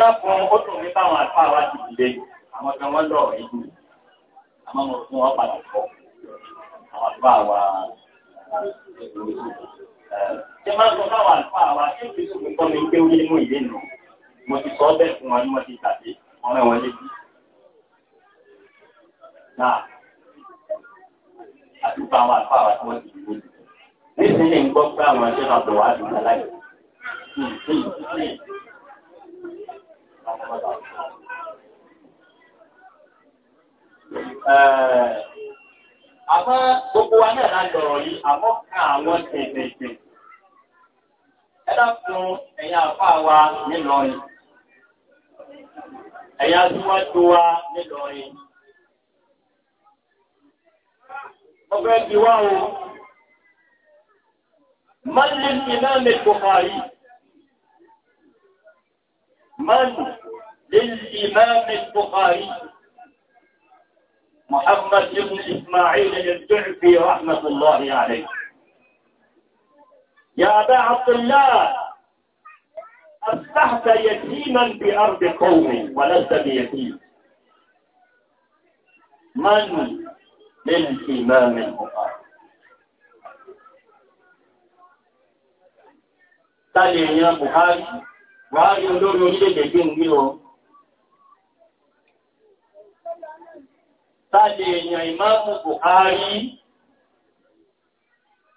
dákun ó dùn mí báwọn àlùfáà wa ti dìde àwọn kan wọ́n lọ èyí àmọ́ mo fún wọn padà kọ́ àwọn àlùfáà wa ṣe máa ń sọ fáwọn àlùfáà wa ṣé kìí sùn kọ́ mi pé ó yé mú ìlé nù mo ti sọ bẹ́ẹ̀ fún wọn ni wọ́n ti tàbí wọ́n rẹ̀ wọ́n lébi. náà àdúgbò àwọn àlùfáà wa tí wọ́n ti dìde nísìnyí ń gbọ́ pé àwọn ẹgbẹ́ náà bọ̀ wá dùn láláì. àmọ́ eh, gbogbo wa náà la lọ̀rọ̀ yìí àmọ́ kan àwọn tètè ẹ dákun ẹ̀yà àfa wa nílọrin ẹ̀yin aṣíwájú wa nílọrin. ọgbẹ́ ti wá o mọ́lẹ́ yìí mọ́lẹ́. للإمام البخاري محمد بن إسماعيل الجعفي رحمة الله عليه يا أبا عبد الله أصبحت يتيما بأرض قوم ولست بيتيم من للإمام البخاري ta lè yan buhari buhari olórí orílẹ̀-èdè gbé ń tàbí èèyàn ìmáàmù Buhari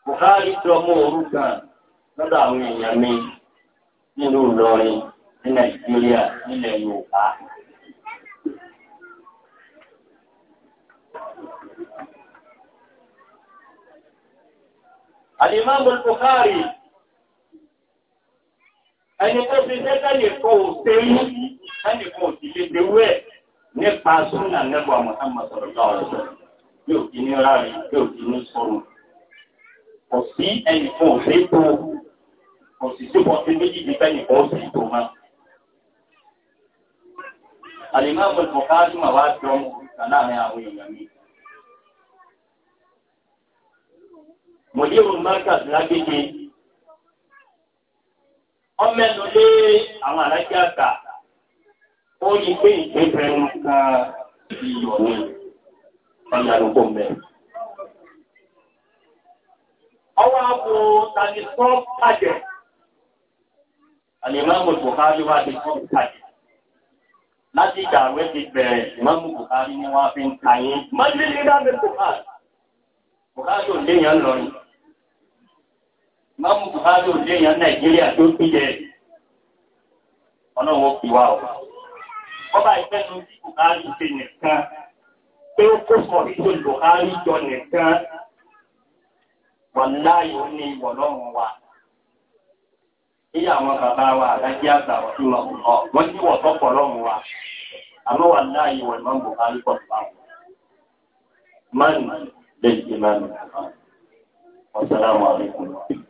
Buhari jọmọ orúkà lọ́dọ̀ àwọn èèyàn mi nínú Ìlọrin ní Nàìjíríà nílẹ̀ Yorùbá. Àlìmáàmù Buhari ẹni tó fi sẹ́kẹ̀lì kan ò tẹ́yìn ẹnì kan sì lè dewú ẹ̀. nípa súnà nẹ́bọ̀ Muhammad sallallahu alaihi wasallam yóò fi ní rárí yóò fi ní sọ̀rọ̀ kò sí ẹnì kan ò tó kò sì sí wọn sí méjì bí ó sì tó ma. àlìmọ́ àwọn ìfọ̀ká àdúmọ̀ wá jọ ọmọ òrùka àwọn èèyàn mi. lágbègbè ọmọ ẹnu lé àwọn kà. ó yí pé ìgbẹ́fẹ́ ń ka ìyọ̀ ní ọ̀nàlùkò mẹ́. Ọwọ́ àpò tàbí sọ́ pàjẹ́. Àlèmáàmù Bùhárí wá ti sọ́ pàjẹ́. Láti ìgbà rẹ̀ ti bẹ̀rẹ̀ ìmáàmù Bùhárí ni wọ́n fi ń ka yín. Mọ́lẹ́ ní láti Bùhárí. Bùhárí ò léèyàn lọ́rùn. Ìmáàmù Bùhárí ò léèyàn Nàìjíríà tó fi jẹ. Ọlọ́run ó fi wá ọ̀rọ̀ wọ́n bá ìfẹ́ nu sí Buhari ṣe nìkan pé ó kó sọ sí Buhari jọ nìkan wọ́n láàyò ní ìwọ̀ lọ́rùn wa. Iye àwọn bàbá wa àdájí àgbà wọ́n ti wọ̀n lọ. Wọ́n ti wọ̀ tọ́pọ̀ lọ́rùn wa. Àmọ́ wà láàyò wọ̀ ìmọ̀ Buhari pọ̀ tó báwọn. Mọ́nì lè ṣe máa Wàsálàmù àlékún.